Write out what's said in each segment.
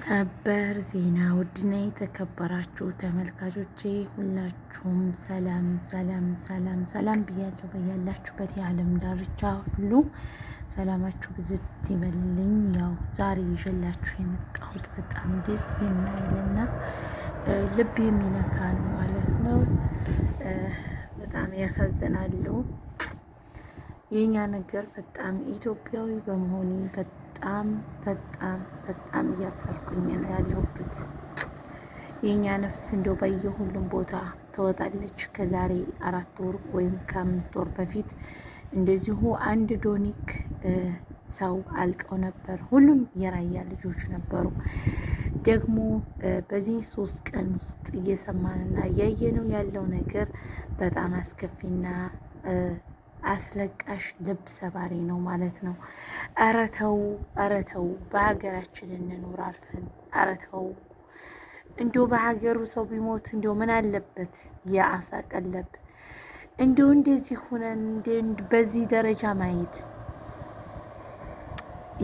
ሰበር ዜና ውድና የተከበራችሁ ተመልካቾቼ ሁላችሁም ሰላም ሰላም ሰላም ሰላም ብያለሁ። በያላችሁበት የዓለም ዳርቻ ሁሉ ሰላማችሁ ብዝት ይበልልኝ። ያው ዛሬ ይዤላችሁ የመጣሁት በጣም ደስ የሚልና ልብ የሚነካ ነው ማለት ነው። በጣም ያሳዝናሉ። የኛ ነገር በጣም ኢትዮጵያዊ በመሆኔ በጣም በጣም በጣም እያፈርኩኝ ነው ያለሁበት። የእኛ ነፍስ እንደው በየሁሉም ቦታ ትወጣለች። ከዛሬ አራት ወር ወይም ከአምስት ወር በፊት እንደዚሁ አንድ ዶኒክ ሰው አልቀው ነበር። ሁሉም የራያ ልጆች ነበሩ። ደግሞ በዚህ ሶስት ቀን ውስጥ እየሰማንና እያየነው ያለው ነገር በጣም አስከፊና አስለቃሽ ልብ ሰባሪ ነው ማለት ነው። ኧረ ተው፣ በሀገራችን እንኑር አልፈን ኧረ እንዲሁ በሀገሩ ሰው ቢሞት እንዲሁ ምን አለበት? የአሳ ቀለብ እንዲሁ እንደዚህ ሁነን በዚህ ደረጃ ማየት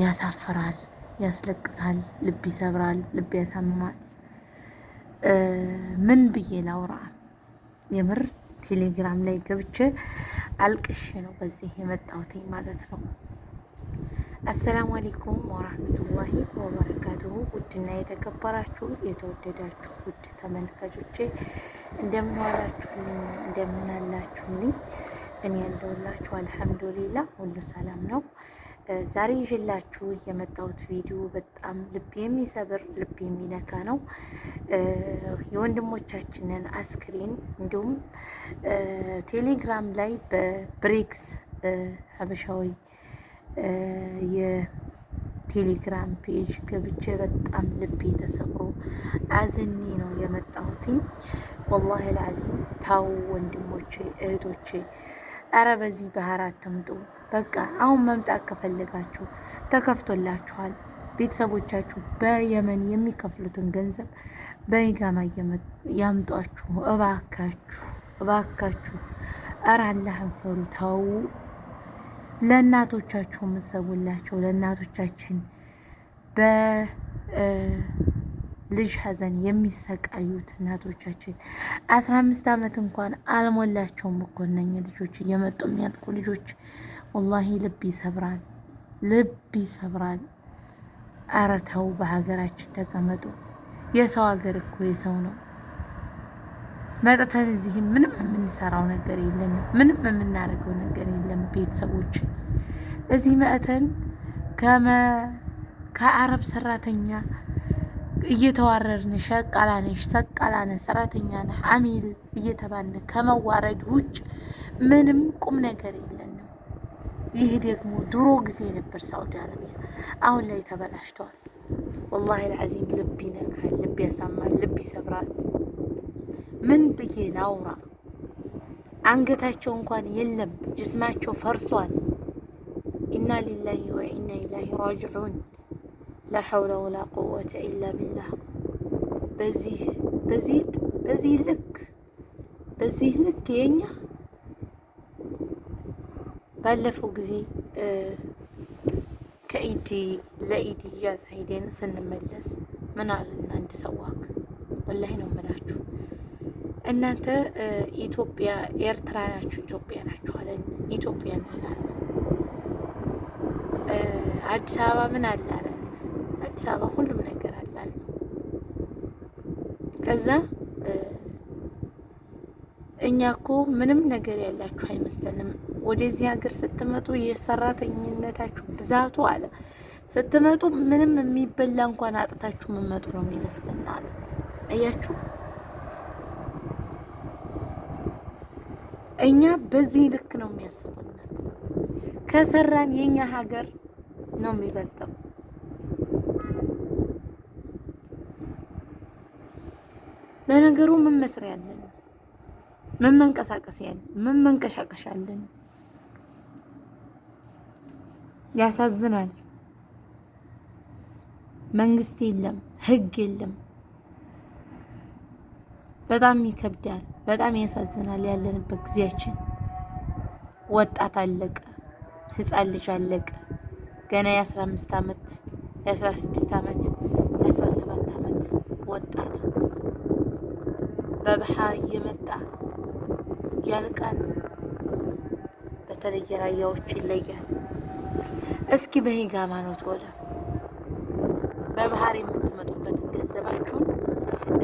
ያሳፍራል፣ ያስለቅሳል፣ ልብ ይሰብራል፣ ልብ ያሳምማል። ምን ብዬ ላውራ የምር ቴሌግራም ላይ ገብቼ አልቅሼ ነው በዚህ የመጣሁትኝ ማለት ነው። አሰላሙ አሌይኩም ወራህመቱላሂ ወበረካቱሁ። ውድና የተከበራችሁ የተወደዳችሁ ውድ ተመልካቾቼ እንደምን እንደምናላችሁልኝ እንደምን አላችሁልኝ? እኔ ያለሁላችሁ አልሐምዱሊላ ሁሉ ሰላም ነው። ዛሬ ይዤላችሁ የመጣሁት ቪዲዮ በጣም ልብ የሚሰብር ልብ የሚነካ ነው። የወንድሞቻችንን አስክሬን እንዲሁም ቴሌግራም ላይ በብሬክስ ሀበሻዊ ቴሌግራም ፔጅ ገብቼ በጣም ልቤ ተሰብሮ አዘኒ ነው የመጣሁትኝ። ወላሂ ልዓዚም ታው ወንድሞቼ እህቶቼ፣ አረ በዚህ ባህር አትምጡ። በቃ አሁን መምጣት ከፈለጋችሁ ተከፍቶላችኋል። ቤተሰቦቻችሁ በየመን የሚከፍሉትን ገንዘብ በኢጋማ ያምጧችሁ። እባካችሁ እባካችሁ፣ እረ አላህን ፈሩ። ተዉ። ለእናቶቻችሁ የምሰቡላቸው ለእናቶቻችን በልጅ ሀዘን የሚሰቃዩት እናቶቻችን አስራ አምስት አመት እንኳን አልሞላቸውም እኮ ልጆች እየመጡ የሚያልቁ ልጆች ወላሂ ልብ ይሰብራል፣ ልብ ይሰብራል። ኧረ ተው በሀገራችን ተቀመጡ። የሰው ሀገር እኮ የሰው ነው። መጥተን እዚህም ምንም የምንሰራው ነገር የለንም፣ ምንም የምናደርገው ነገር የለም። ቤተሰቦች እዚህ መጥተን ከአረብ ሰራተኛ እየተዋረድን ሸቃላ ነሽ ሰቃላ ነህ ሰራተኛ ነህ አሚል እየተባልን ከመዋረድ ውጭ ምንም ቁም ነገር የለን። ይህ ደግሞ ድሮ ጊዜ ነበር ሳውዲ አረቢያ፣ አሁን ላይ ተበላሽተዋል። ወላሂ ልዓዚም ልብ ይነካል፣ ልብ ያሳማል፣ ልብ ይሰብራል። ምን ብዬ ላውራ? አንገታቸው እንኳን የለም፣ ጅስማቸው ፈርሷል። ኢና ሊላሂ ወኢና ኢላሂ ራጅዑን። ላ ሐውለ ወላ ቁወተ ኢላ ቢላህ። በዚህ በዚህ በዚህ ልክ በዚህ ልክ የኛ ባለፈው ጊዜ ከኢድ ለኢድ እያዛ ሄደን ስንመለስ ምን አለና አንድ ሰዋክ ወላሂ ነው የምላችሁ። እናንተ ኢትዮጵያ ኤርትራ ናችሁ፣ ኢትዮጵያ ናችሁ አለን። ኢትዮጵያ ነን አዲስ አበባ ምን አለ አለን። አዲስ አበባ ሁሉም ነገር አለ አለ። ከዛ እኛ እኮ ምንም ነገር ያላችሁ አይመስለንም። ወደዚህ ሀገር ስትመጡ የሰራተኝነታችሁ ብዛቱ አለ ስትመጡ ምንም የሚበላ እንኳን አጥታችሁ መመጡ ነው የሚመስለን አለ። እያችሁ እኛ በዚህ ልክ ነው የሚያስቡን። ከሰራን የኛ ሀገር ነው የሚበልጠው። ለነገሩ ምን መስሪያ ያለን ምን መንቀሳቀስ ያለ ምን መንቀሻቀሽ አለን? ያሳዝናል። መንግስት የለም፣ ህግ የለም። በጣም ይከብዳል። በጣም ያሳዝናል። ያለንበት ጊዜያችን ወጣት አለቀ፣ ህፃን ልጅ አለቀ። ገና የ15 ዓመት የ16 አመት የ17 አመት ወጣት በባህር እየመጣ ያልቃል። በተለየ ራያዎች ይለያል። እስኪ በሂጋማ ነው ተወለ በባህር የምትመጡበትን ገንዘባችሁን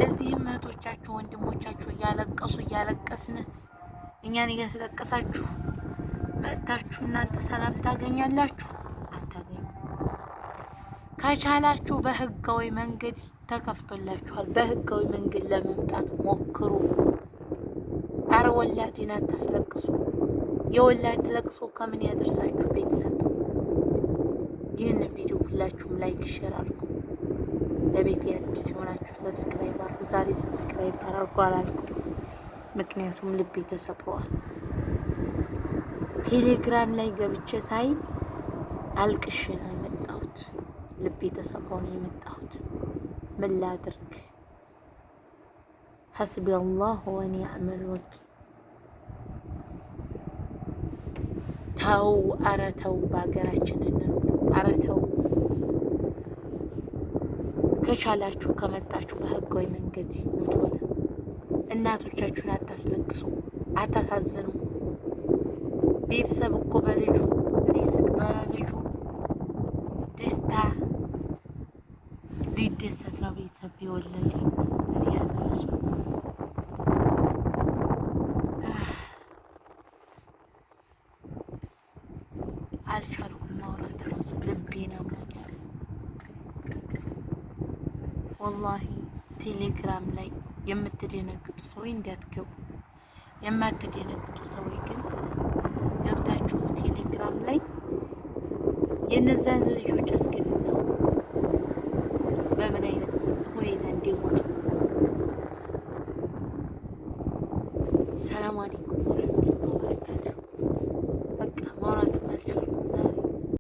እዚህም እህቶቻችሁ ወንድሞቻችሁ እያለቀሱ እያለቀስን እኛን እያስለቀሳችሁ መጥታችሁ እናንተ ሰላም ታገኛላችሁ? አታገኙ። ከቻላችሁ በህጋዊ መንገድ ተከፍቶላችኋል። በህጋዊ መንገድ ለመምጣት ሞክሩ። የወላድን አታስለቅሱ። የወላድ ለቅሶ ከምን ያደርሳችሁ ቤተሰብ። ይህንን ቪዲዮ ሁላችሁም ላይክ፣ ሼር አድርጉ። ለቤት አዲስ የሆናችሁ ሰብስክራይብ አድርጉ። ዛሬ ሰብስክራይብ አድርጉ አላልኩ፣ ምክንያቱም ልቤ ተሰብሯል። ቴሌግራም ላይ ገብቼ ሳይ አልቅሽ ነው የመጣሁት። ልቤ ተሰብሮ ነው የመጣሁት። ምን ላድርግ? ሐስቢ አላህ ወኒዕመል ወኪል ተው፣ አረተው ተው፣ በሀገራችን እንኑር፣ ኧረ ተው። ከቻላችሁ ከመጣችሁ በህጋዊ መንገድ ምትሆነ እናቶቻችሁን አታስለቅሱ፣ አታሳዝኑ። ቤተሰብ እኮ በልጁ ሊስቅ በልጁ ደስታ ሊደሰት ነው። ቤተሰብ ቢወለድ እዚህ ያደረሱ ወላሂ ቴሌግራም ላይ የምትደነግጡ ሰዎች እንዲያትገቡ የማትደነግጡ ሰዎች ግን ገብታችሁ ቴሌግራም ላይ የነዛን ልጆች